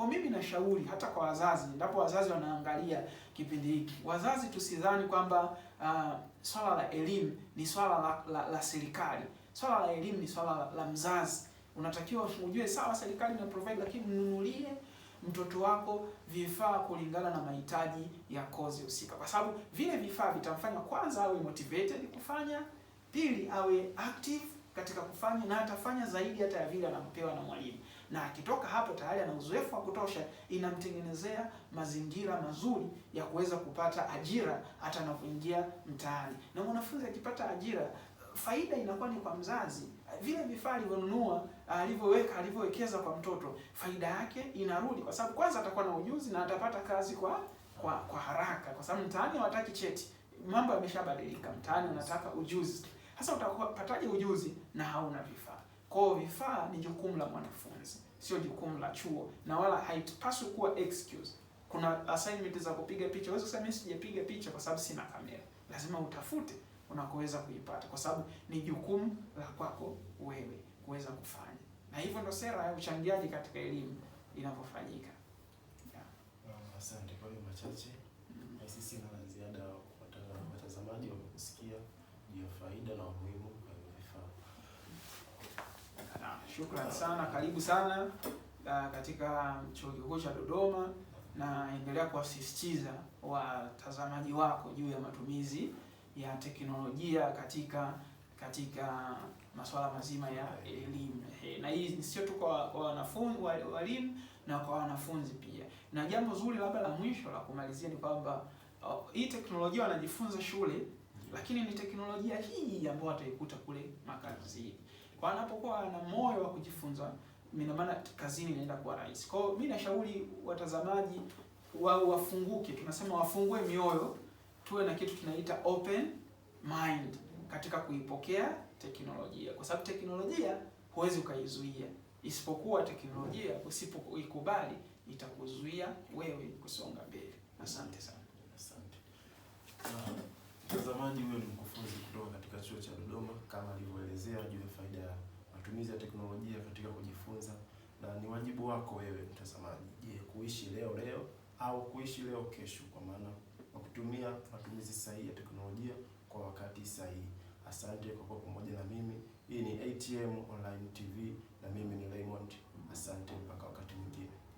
Kwa mimi nashauri hata kwa wazazi, endapo wazazi wanaangalia kipindi hiki, wazazi tusidhani kwamba uh, swala la elimu ni swala la, la, la serikali. Swala la elimu ni swala la, la mzazi. Unatakiwa ujue, sawa, serikali ina provide, lakini mnunulie mtoto wako vifaa kulingana na mahitaji ya kozi husika, kwa sababu vile vifaa vitamfanya kwanza awe motivated kufanya, pili awe active katika kufanya na atafanya zaidi hata ya vile anampewa na mwalimu, na akitoka hapo tayari ana uzoefu wa kutosha, inamtengenezea mazingira mazuri ya kuweza kupata ajira hata anapoingia mtaani. Na mwanafunzi akipata ajira, faida inakuwa ni kwa mzazi. Vile vifaa alivyonunua, alivyoweka, alivyowekeza kwa mtoto, faida yake inarudi, kwa sababu kwanza atakuwa na ujuzi na atapata kazi kwa kwa, kwa haraka, kwa sababu mtaani hawataki cheti. Mambo yameshabadilika mtaani, unataka ujuzi. Sasa utapataje ujuzi na hauna vifaa? Kwa hiyo vifaa ni jukumu la mwanafunzi, sio jukumu la chuo, na wala haipaswi kuwa excuse. Kuna assignment za kupiga picha, huwezi kusema mimi sijapiga picha kwa sababu sina kamera. Lazima utafute unakoweza kuipata, kwa sababu ni jukumu la kwako wewe kuweza kufanya, na hivyo ndo sera ya uchangiaji katika elimu inavyofanyika. Asante yeah. kwa machache mm. sisi na ziada faida na umuhimu wa vifaa. Shukrani sana, karibu sana ah, katika um, chuo kikuu cha Dodoma, na endelea kuwasisitiza watazamaji wako juu ya matumizi ya teknolojia katika katika masuala mazima ya elimu, eh, na hii sio tu kwa wanafunzi walimu na kwa wanafunzi pia. Na jambo zuri labda la mwisho la kumalizia ni kwamba oh, hii teknolojia wanajifunza shule lakini ni teknolojia hii ambayo ataikuta kule makazini. Kwa anapokuwa ana moyo wa kujifunza, ina maana kazini inaenda kuwa rahisi. Kwa hiyo mimi nashauri watazamaji wa wafunguke, tunasema wafungue mioyo, tuwe na kitu tunaita open mind katika kuipokea teknolojia, kwa sababu teknolojia huwezi ukaizuia, isipokuwa teknolojia usipoikubali itakuzuia wewe kusonga mbele. Asante sana, asante. Ah, Mtazamaji, huyo ni mkufunzi kutoka katika chuo cha Dodoma, kama alivyoelezea juu ya faida ya matumizi ya teknolojia katika kujifunza, na ni wajibu wako wewe mtazamaji, je, kuishi leo leo au kuishi leo kesho, kwa maana kwa kutumia matumizi sahihi ya teknolojia kwa wakati sahihi. Asante kwa kuwa pamoja na mimi. Hii ni ATM Online TV na mimi ni Raymond. Asante mpaka wakati mwingine.